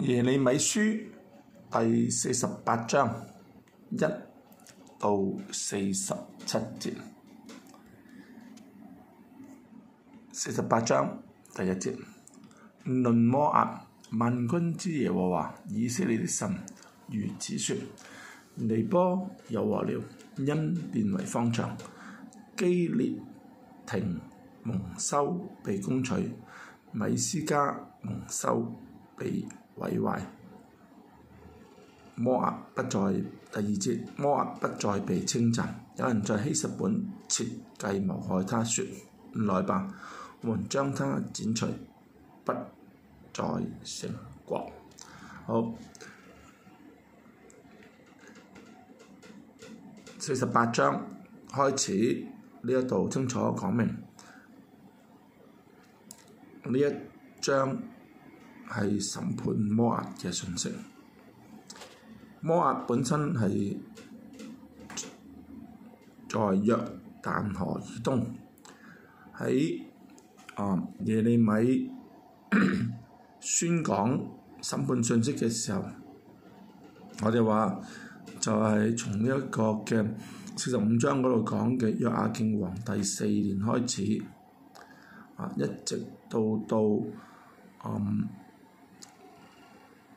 耶利米書第四十八章一到四十七節，四十八章第一節，論摩押萬軍之耶和華以色列的神如此説：尼波有禍了，因變為荒場，基列亭蒙羞被攻取，米斯迦蒙羞被毀壞，摩押不再。第二節，摩押不再被稱讚。有人在希實本設計謀害他，說來吧，我們將他剪除，不再成國。好，四十八章開始呢一度清楚講明呢一章，係審判摩押嘅信息。摩押本身係在約但河以東，喺啊耶利米 宣講審判信息嘅時候，我哋話就係從呢一個嘅四十五章嗰度講嘅約雅敬皇帝四年開始，啊一直到到啊。嗯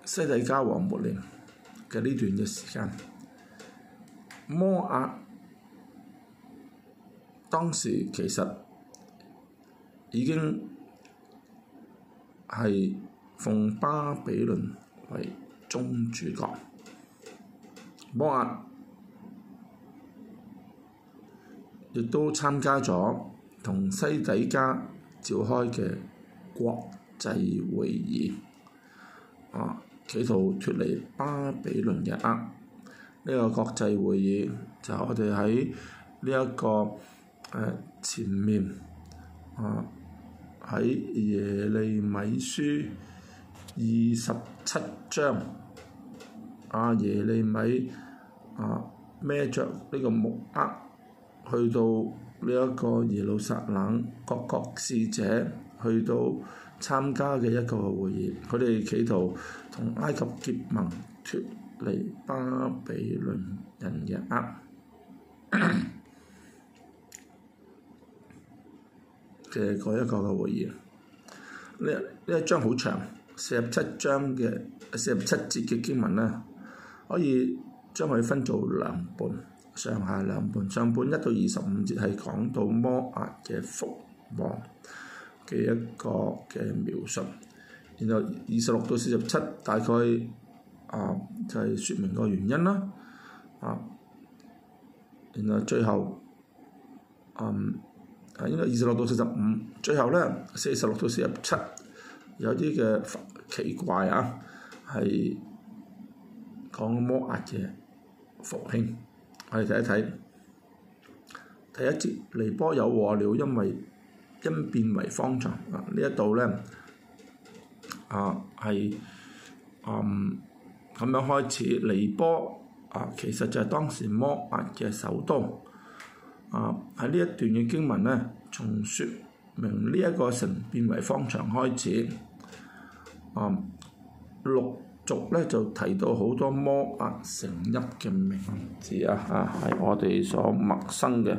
西底加王末年嘅呢段嘅時間，摩押當時其實已經係奉巴比倫為宗主國，摩押亦都參加咗同西底加召開嘅國際會議，啊！企圖脱離巴比倫嘅軛，呢、這個國際會議就我哋喺呢一個誒、呃、前面，啊喺耶利米書二十七章，阿、啊、耶利米啊孭着呢個木軛去到呢一個耶路撒冷各國使者去到。參加嘅一個會議，佢哋企圖同埃及結盟，脱離巴比倫人嘅壓嘅嗰一個嘅會議。呢，呢一章好長，四十七章嘅四十七節嘅經文咧，可以將佢分做兩半，上下兩半。上半一到二十五節係講到摩押嘅覆亡。嘅一個嘅描述，然後二十六到四十七大概啊就係、是、説明個原因啦啊，然後最後、嗯、啊應該二十六到四十五，最後咧四十六到四十七有啲嘅奇怪啊，係講摩押嘅復興。我哋睇一睇第一節，尼波有禍了，因為。因變為方場，啊！呢一度呢啊，係，嗯，咁樣開始。尼波啊，其實就係當時摩押嘅首都。啊，喺呢一段嘅經文呢，從説明呢一個城變為方場開始。啊、嗯，六。族咧就提到好多摩押城邑嘅名字啊，啊，係我哋所陌生嘅，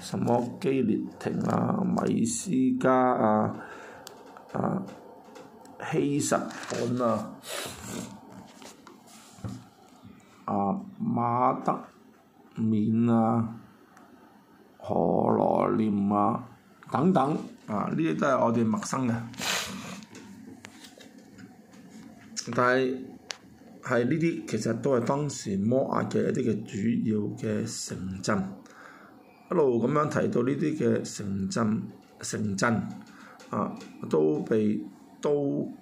什麼基列亭啊、米斯迦啊、啊希實本啊、啊瑪德緬啊、何羅念啊等等，啊，呢啲都係我哋陌生嘅。但係係呢啲，其實都係當時摩押嘅一啲嘅主要嘅城鎮，一路咁樣提到呢啲嘅城鎮，城鎮啊都被刀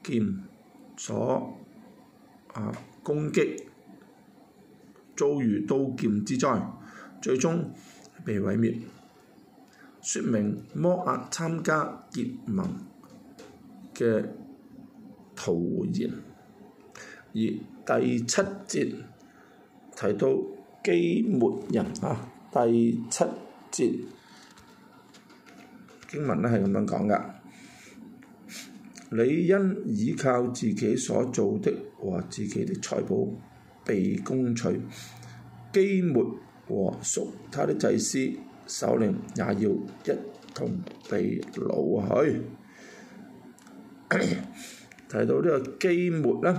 劍所啊攻擊，遭遇刀劍之災，最終被毀滅，説明摩押參加結盟嘅徒然。而第七節提到基抹人啊，第七節經文咧係咁樣講噶，你因倚靠自己所做的和自己的財寶被攻取，基抹和屬他的祭司、首領也要一同被擄去。 提到呢個基抹咧。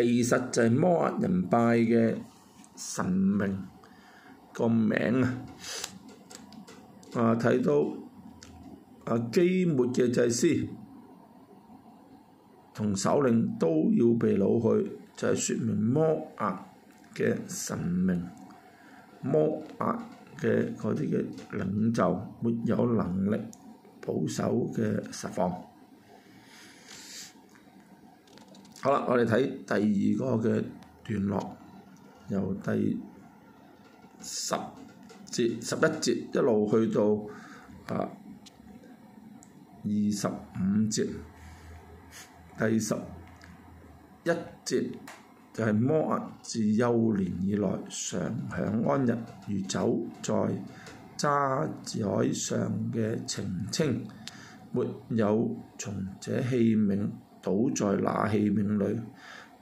其實就係摩押人拜嘅神明、個名啊！啊，睇到啊基抹嘅祭司同首領都要被擄去，就係、是、説明摩押嘅神明、摩押嘅嗰啲嘅領袖沒有能力保守嘅實況。好啦，我哋睇第二個嘅段落，由第十節、十一節一路去到啊二十五節、第十一節，就係、是、摩押自幼年以來常享安逸，如酒在渣滓上嘅澄清，沒有從這器皿。倒在那器皿裏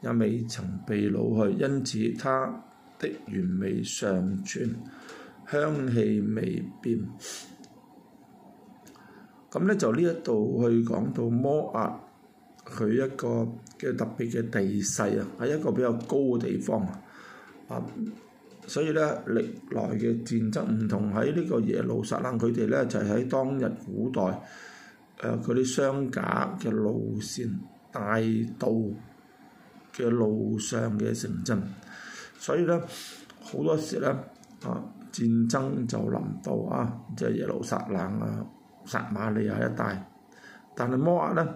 也未曾被擄去，因此它的原味尚存，香氣未變。咁呢、嗯，就呢一度去講到摩押佢一個嘅特別嘅地勢啊，係一個比較高嘅地方啊、嗯，所以呢，歷來嘅戰爭唔同喺呢個耶路撒冷，佢哋呢就喺、是、當日古代嗰啲、呃、商賈嘅路線。大道嘅路上嘅城鎮，所以咧好多時咧啊，戰爭就臨到啊，即係耶路撒冷啊、撒瑪利亞一帶。但係摩押咧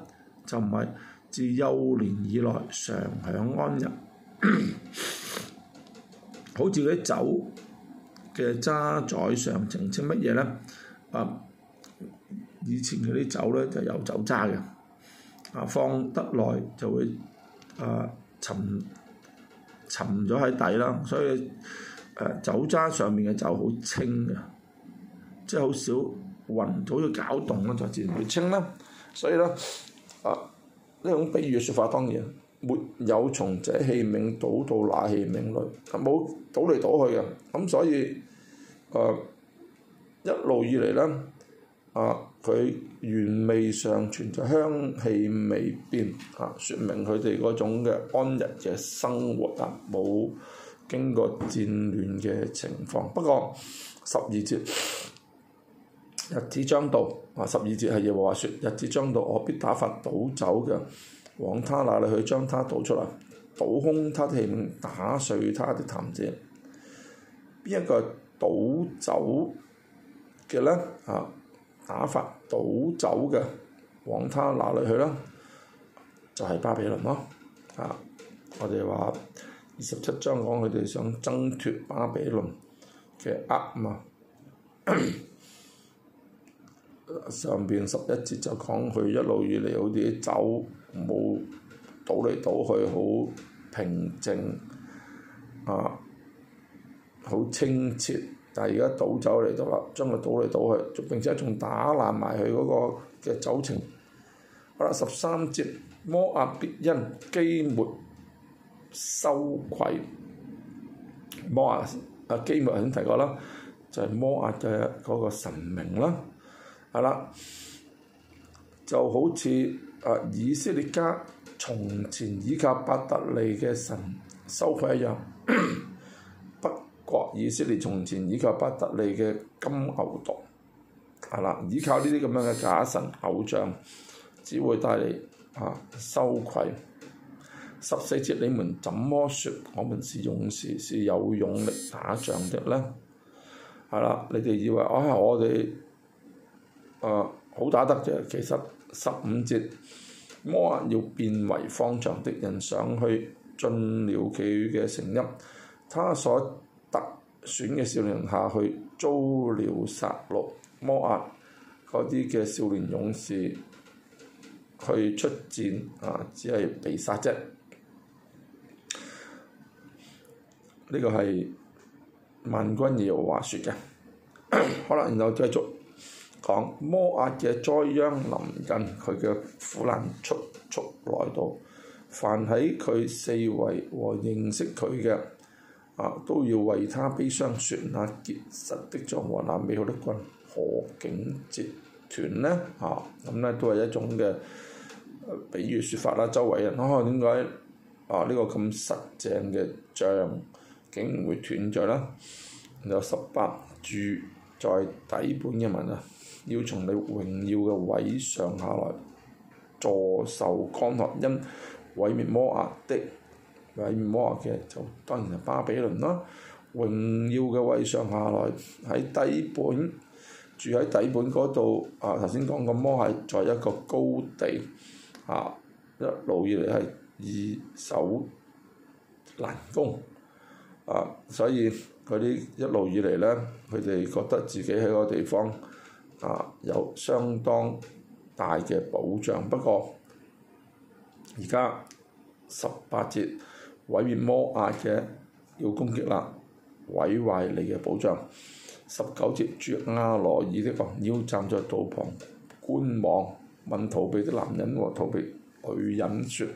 就唔係自幼年以來常享安逸， 好似嗰啲酒嘅渣滓上澄清乜嘢咧？啊，以前嗰啲酒咧就有酒渣嘅。啊，放得耐就會啊、呃、沉沉咗喺底啦，所以誒、呃、酒渣上面嘅酒好清嘅，即係好少混，好似攪動咯，就自然會清啦。所以咧，啊、呃、呢種比喻嘅説法，當然沒有從這器皿倒到那器皿裏，冇倒嚟倒去嘅。咁所以誒、呃、一路以嚟咧，啊、呃、佢。原味尚存，就香氣未變，嚇、啊，說明佢哋嗰種嘅安逸嘅生活啊，冇經過戰亂嘅情況。不過十二節，日子將到，十、啊、二節係耶和華說：日子將到，我必打發倒酒嘅往他那裡去，將他倒出嚟，倒空他的器皿，打碎他的壇子。邊一個倒酒嘅呢？啊打發倒走嘅，往他那裏去啦，就係巴比倫咯。啊，我哋話二十七章講佢哋想爭脱巴比倫嘅呃嘛。上邊十一節就講佢一路以嚟好似啲酒冇倒嚟倒去，好平靜啊，好清澈。但係而家倒走嚟都話，將佢倒嚟倒去，仲並且仲打爛埋佢嗰個嘅酒埕。好啦，十三節摩押必因基抹羞愧。摩押啊，基抹已經提過啦，就係、是、摩押嘅嗰個神明啦。係啦，就好似啊以色列家從前以及伯特利嘅神羞愧一樣。 以色列從前依靠伯特利嘅金牛犢，係啦，依靠呢啲咁樣嘅假神偶像，只會帶嚟啊羞愧。十四節你們怎麼説我們是勇士是有勇力打仗的呢？係啦，你哋以為、哎、我啊我哋啊好打得啫，其實十五節摩押變為荒場敵人上去，進了佢嘅城邑，他所選嘅少年下去遭了殺戮，摩押嗰啲嘅少年勇士去出戰啊，只係被殺啫。呢個係萬君業話説嘅， 好啦，然後繼續講摩押嘅災殃臨近，佢嘅苦難速速來到，凡喺佢四圍和認識佢嘅。啊、都要為他悲傷說，説、啊、那結實的杖和那美好的棍何竟折斷呢？啊，咁、嗯、咧都係一種嘅、呃、比喻説法啦。周圍人，可能點解啊呢、啊這個咁實正嘅像竟然會斷咗呢？有十八住在底本嘅文啊，要從你榮耀嘅位上下來，坐受乾渴因毀滅摩押的。喺摩押嘅，就當然係巴比倫啦。榮耀嘅位上下來，喺底本住，喺底本嗰度啊！頭先講過摩押喺在一個高地啊，一路以嚟係易守難攻啊，所以佢啲一路以嚟咧，佢哋覺得自己喺個地方啊有相當大嘅保障。不過而家十八節。毀滅摩壓嘅要攻擊啦，毀壞你嘅保障。十九節，住亞羅耳的王要站在道旁觀望，問逃避的男人和逃避女人說：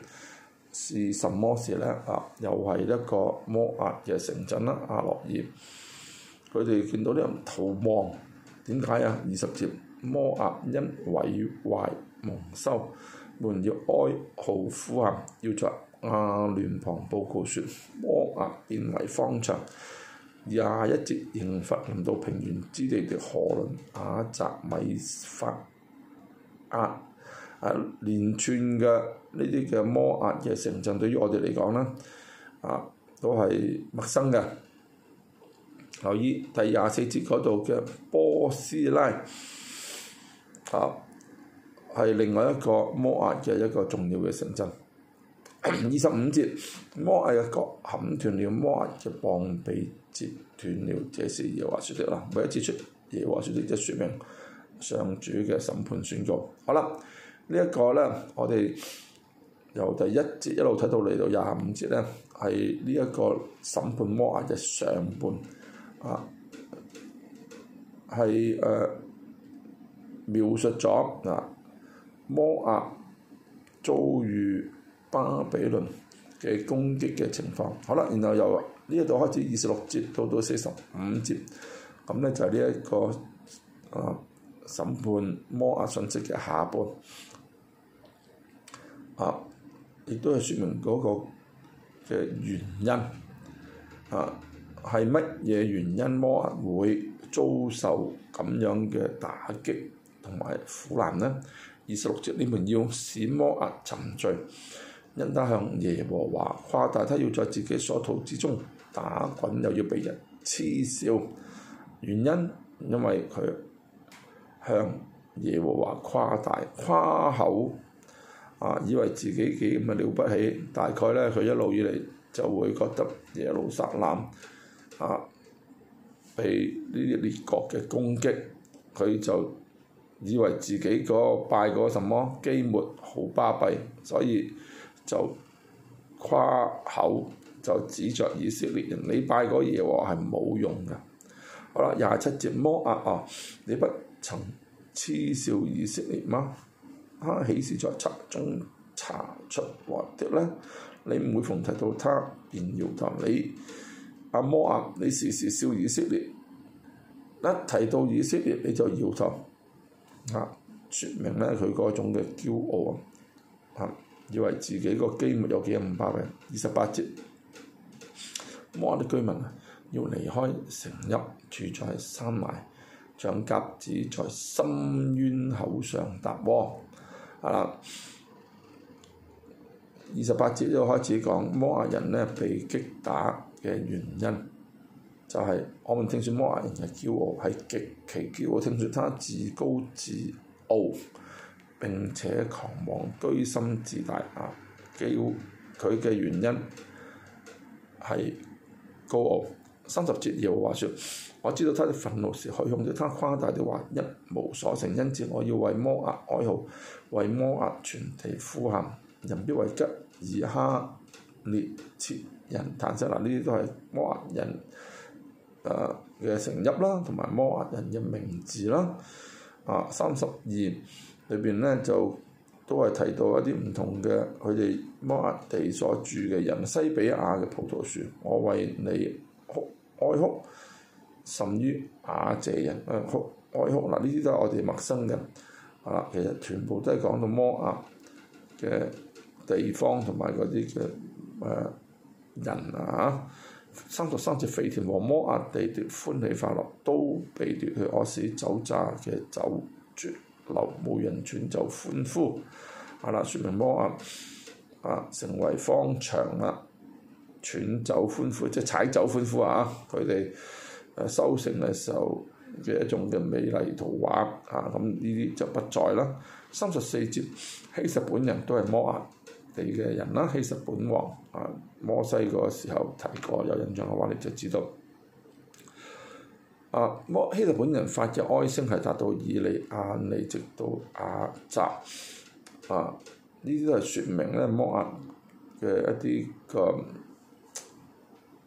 是什麼事呢？啊，又係一個摩壓嘅城鎮啦，亞羅耳。佢哋見到啲人逃亡，點解啊？二十節，摩壓因毀壞蒙羞，們要哀號呼喊，要在亞、啊、嫩旁報告說，摩押變為荒場。廿一節刑罰臨到平原之地的何倫、雅雜、米法押啊，連串嘅呢啲嘅摩押嘅城鎮，對於我哋嚟講呢，啊都係陌生嘅。留意第廿四節嗰度嘅波斯拉啊，係另外一個摩押嘅一個重要嘅城鎮。二十五節摩押嘅角砍斷了，摩押嘅棒被折斷了。這是耶和華説的啦，每一次出耶和華説的，即說明上主嘅審判宣告。好啦，這個、呢一個咧，我哋由第一節一路睇到嚟到廿五節咧，係呢一個審判摩押嘅上半，啊，係誒、呃、描述咗啊摩押遭遇。巴比倫嘅攻擊嘅情況，好啦，然後由呢一度開始，二十六節到到四十五節，咁、啊、呢，就係呢一個啊審判摩押信息嘅下半，亦、啊、都係説明嗰個嘅原因，啊，係乜嘢原因摩押會遭受咁樣嘅打擊同埋苦難呢？二十六節，你們要使摩押沉醉。因他向耶和華誇大，他要在自己所吐之中打滾，又要被人恥笑。原因因為佢向耶和華誇大、誇口，啊以為自己幾咁啊了不起。大概呢，佢一路以嚟就會覺得耶路撒冷啊被呢啲列國嘅攻擊，佢就以為自己個拜個什麼基末好巴閉，所以。就誇口就指着以色列人，你拜嗰啲嘢係冇用噶。好啦，廿七節摩押啊，你不曾嗤笑以色列嗎？他豈是在察中查出來的呢，你每逢提到他便搖頭。你阿、啊、摩押，你時時笑以色列，一提到以色列你就搖頭。啊，說明呢，佢嗰種嘅驕傲啊。以為自己個基沒有幾五百人。二十八節，摩亞的居民要離開城邑，住在山崖，像鴿子在深淵口上搭窩。啊，二十八節又開始講摩亞人咧被擊打嘅原因、就是，就係我們聽說摩亞人嘅驕傲，係極其驕傲，聽說他自高自傲。並且狂妄、居心自大啊！幾乎？佢嘅原因係高傲。三十節又話説：我知道他的憤怒是虛空的他誇大的話一無所成，因此我要為摩押哀號，為摩押全地呼喊。人必為吉珥哈列設人嘆息。嗱，呢啲都係摩押人嘅成邑啦，同埋摩押人嘅名字啦。啊，三十二。裏面呢，就都係提到一啲唔同嘅佢哋摩亞地所住嘅人，西比亞嘅葡萄樹，我為你哭哀哭甚於亞謝人。誒哭哀哭，嗱呢啲都係我哋陌生嘅，啊其實全部都係講到摩亞嘅地方同埋嗰啲嘅誒人啊嚇，生出三隻肥田和摩亞地奪歡喜快樂，都被奪去我，我使酒渣嘅酒絕。流無人喘就歡，歡，歡呼，啊啦，説明摩押啊成為方丈啦，喘就歡呼，即係踩走歡呼啊！佢哋誒收成嘅時候嘅一種嘅美麗圖畫啊，咁呢啲就不在啦。三十四節，希實本人都係摩押地嘅人啦，希實本王啊摩西嗰個時候提過有，有印象嘅話你就知道。啊摩希特本人發嘅哀聲係達到以利亞利直到亞澤啊呢啲都係説明咧摩亞嘅一啲個、嗯、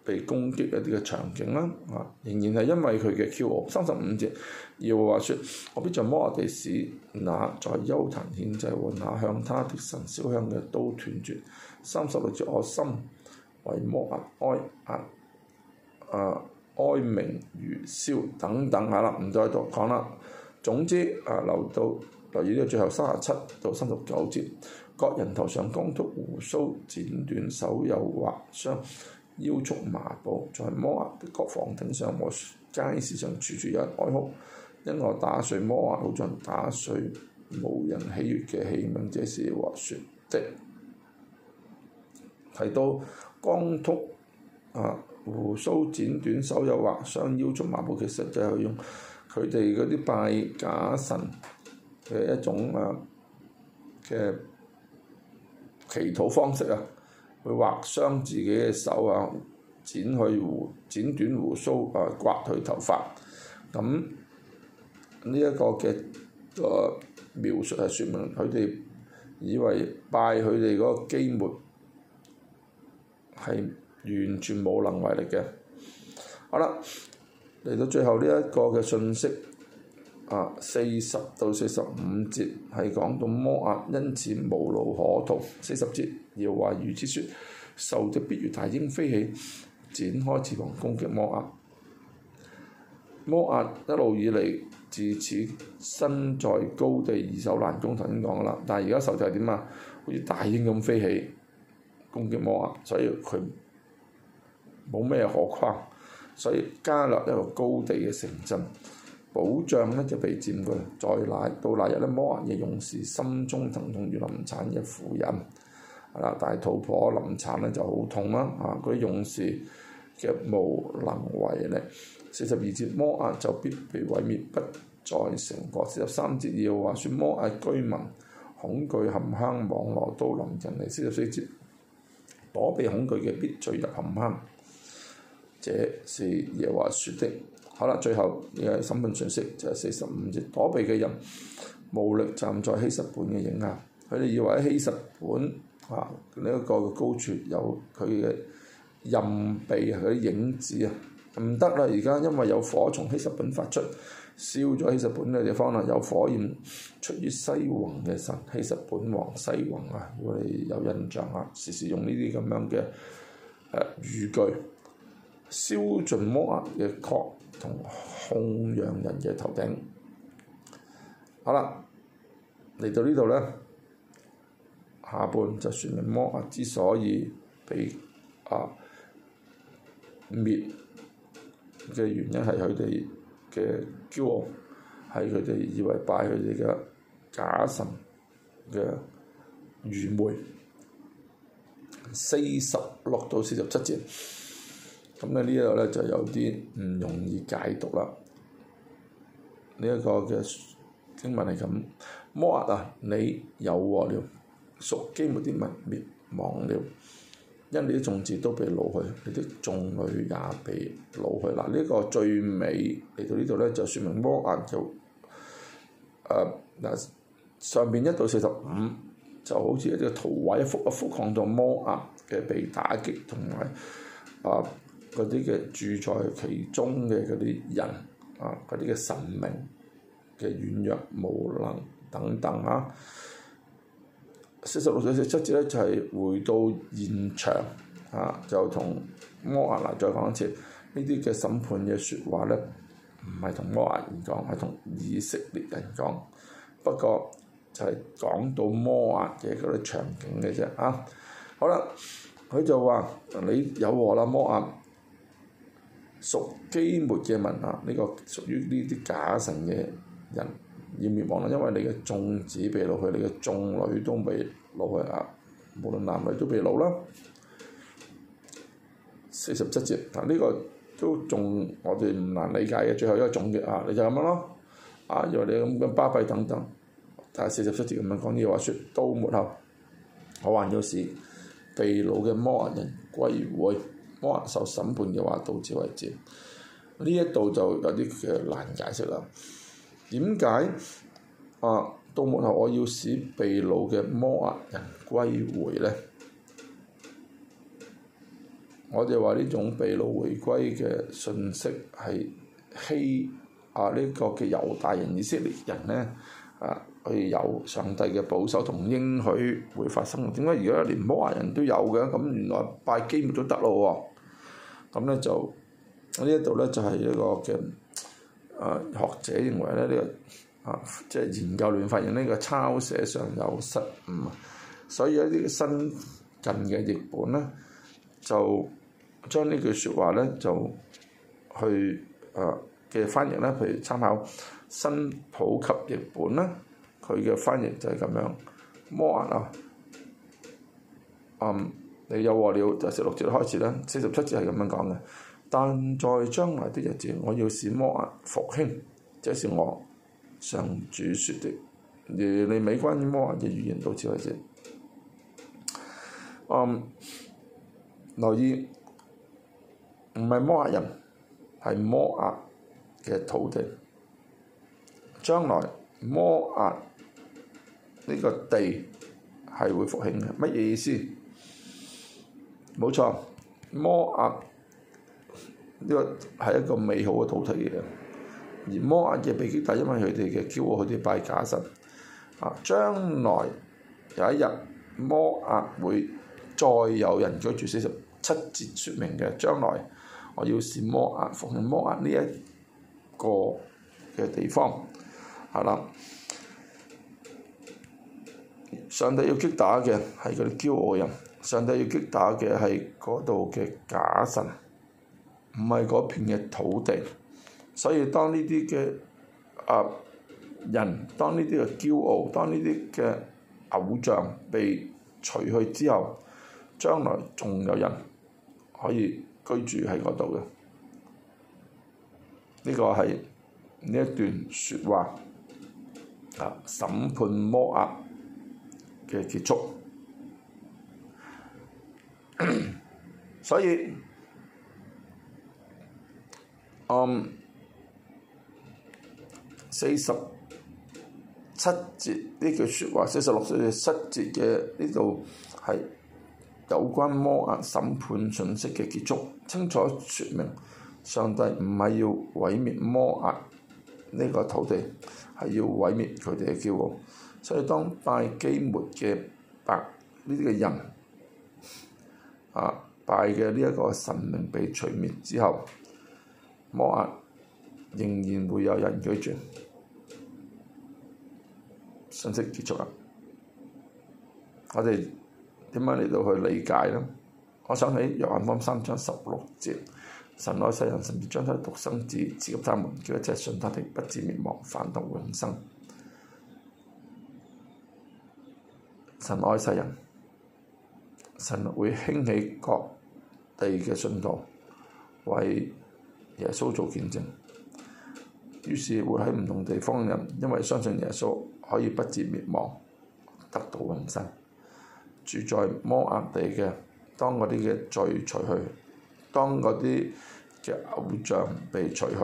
被攻擊一啲嘅場景啦啊仍然係因為佢嘅驕傲三十五節，耶和華話說：我必在摩亞地使那在丘壇獻祭和那向他的神燒香嘅都斷絕。三十六節我心為摩亞哀啊啊！啊哀鳴如簫等等下啦，唔再多講啦。總之啊，留到留意呢個最後三十七到三十九節，各人頭上光禿鬍鬚剪短，斷手有劃傷，腰束麻布，在摩押、啊、的各房頂上和街市上處處有人哀哭，因我打碎摩押、啊、好像打碎無人喜悅嘅器皿，這是話說的。睇到光禿啊！胡鬚剪短，手又劃傷，腰束麻布，其實就係用佢哋嗰啲拜假神嘅一種啊嘅祈禱方式啊，去劃傷自己嘅手啊，剪去胡，剪短胡鬚啊，刮去頭髮，咁呢一個嘅誒、呃、描述係説明佢哋以為拜佢哋嗰個基抹係，完全無能為力嘅。好啦，嚟到最後呢一個嘅信息，啊，四十到四十五節係講到摩押，因此無路可逃。四十節又話如此説，仇敵必如大鷹飛起，展開翅膀攻擊摩押。摩押一路以嚟自此身在高地二手，易守難攻，頭先講㗎啦。但係而家仇敵係點啊？好似大鷹咁飛起攻擊摩押，所以佢。冇咩可誇，所以加略一個高地嘅城鎮，保障呢就被佔據。再那到那日咧，摩押嘅勇士心中疼痛如臨產嘅婦人，啊！大肚婆臨產呢就好痛啦，啊！佢勇士嘅無能為力。四十二節，摩押就必被毀滅，不再成國。四十三節要話說，摩押居民恐懼陷坑，網羅都臨，人哋四十四節躲避恐懼嘅必墜入陷坑。這是耶華說的。好啦，最後嘅審判信息就係四十五節躲避嘅人，無力站在希實本嘅影下。佢哋以為喺希實本啊呢一、這個高處有佢嘅蔭庇，佢啲影子啊，唔得啦！而家因為有火從希實本發出，燒咗希實本嘅地方啦，有火焰出於西宏嘅神，希實本王西宏啊！如果你有印象啊，時時用呢啲咁樣嘅誒、呃、語句。燒盡摩押嘅角同控揚人嘅頭頂。好啦，嚟到呢度呢，下半就説明摩押之所以被啊滅嘅原因係佢哋嘅驕傲，係佢哋以為拜佢哋嘅假神嘅愚昧。四十六到四十七節。咁、嗯、呢度個咧就有啲唔容易解讀啦。呢、這、一個嘅經文係咁，摩押啊，你有禍了，屬基抹啲民滅亡了，因你啲種子都被擄去，你啲種類也被擄去。嗱，呢、這個最尾嚟到呢度咧就説明摩押就誒嗱、呃、上面一到四十五就好似一隻圖畫一幅一幅講到摩押嘅被打擊同埋啊。嗰啲嘅住在其中嘅嗰啲人，啊，嗰啲嘅神明嘅軟弱無能等等啊，四十六至四十七節咧就係、是、回到現場，啊，就同摩亞娜再講一次呢啲嘅審判嘅説話咧，唔係同摩亞人講，係同以色列人講，不過就係講到摩亞嘅嗰啲場景嘅啫，啊，好啦，佢就話你有禍啦，摩亞。屬基末嘅民啊！呢、這個屬於呢啲假神嘅人要滅亡啦，因為你嘅眾子被落去，你嘅眾女都被落去啊！無論男女都被老啦、啊。四十七節，呢、啊這個都仲我哋唔難理解嘅，最後一個總結啊，你就咁樣咯。啊，以為你咁咁巴閉等等，但、啊、係、啊啊、四十七節咁樣講啲話說沒，説到末後。我還要使被攞嘅摩押人歸回。摩亞受審判嘅話，到此為止。呢一度就有啲嘅難解釋啦。點解啊？到末後我要使被擄嘅摩亞人歸回呢？我哋話呢種被擄回歸嘅信息係希啊呢、呢個嘅猶大人、以色列人呢，啊，可以有上帝嘅保守同應許會發生。點解而家連摩亞人都有嘅？咁原來拜基抹都得咯喎！咁咧、嗯、就，呢一度咧就係、是、一個嘅，啊、呃、學者認為咧呢、這個，啊即係、就是、研究亂發現呢個抄寫上有失誤，所以呢個新近嘅譯本咧，就將呢句説話咧就去啊嘅翻譯咧，譬如參考新普及譯本啦，佢嘅翻譯就係咁樣，滿啊，嗯。你有禍了，就係、是、六節開始啦。四十七節係咁樣講嘅，但在將來的日子，我要使摩押復興，這是我上主説的。耶利米關於摩押嘅預言到此為止。嗯，留意唔係摩押人，係摩押嘅土地。將來摩押呢個地係會復興嘅，乜嘢意思？冇錯，摩押呢個係一個美好嘅土地嘅，而摩押嘅被擊打，因為佢哋嘅驕傲，佢哋拜假神。啊，將來有一日，摩押會再有人居住。四十七節説明嘅將來，我要使摩押復興，摩押呢一個嘅地方，係、啊、啦。上帝要擊打嘅係嗰啲驕傲嘅人。上帝要擊打嘅係嗰度嘅假神，唔係嗰片嘅土地。所以當呢啲嘅啊人，當呢啲嘅驕傲，當呢啲嘅偶像被除去之後，將來仲有人可以居住喺嗰度嘅。呢、這個係呢一段説話啊審判摩押嘅結束。 所以，嗯，四十七節呢句説話，四十六、四十七節嘅呢度係有關摩押審判信息嘅結束，清楚説明上帝唔係要毀滅摩押呢個土地，係要毀滅佢哋嘅驕傲。所以當拜基末嘅白呢啲嘅人。啊！拜嘅呢一個神明被除滅之後，摩押仍然會有人居住。信息結束啦。我哋點解嚟到去理解呢？我想起約翰福音三章十六節：神愛世人，甚至將他的獨生子賜給他們，叫一切信他的不致滅亡，反得永生。神愛世人。神會興起各地嘅信徒，為耶穌做見證。於是會喺唔同地方人，因為相信耶穌可以不至滅亡，得到永生。住在摩押地嘅，當嗰啲嘅罪除去，當嗰啲嘅偶像被除去，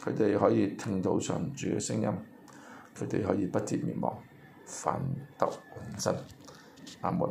佢哋可以聽到上主嘅聲音，佢哋可以不至滅亡，反得永生。阿門。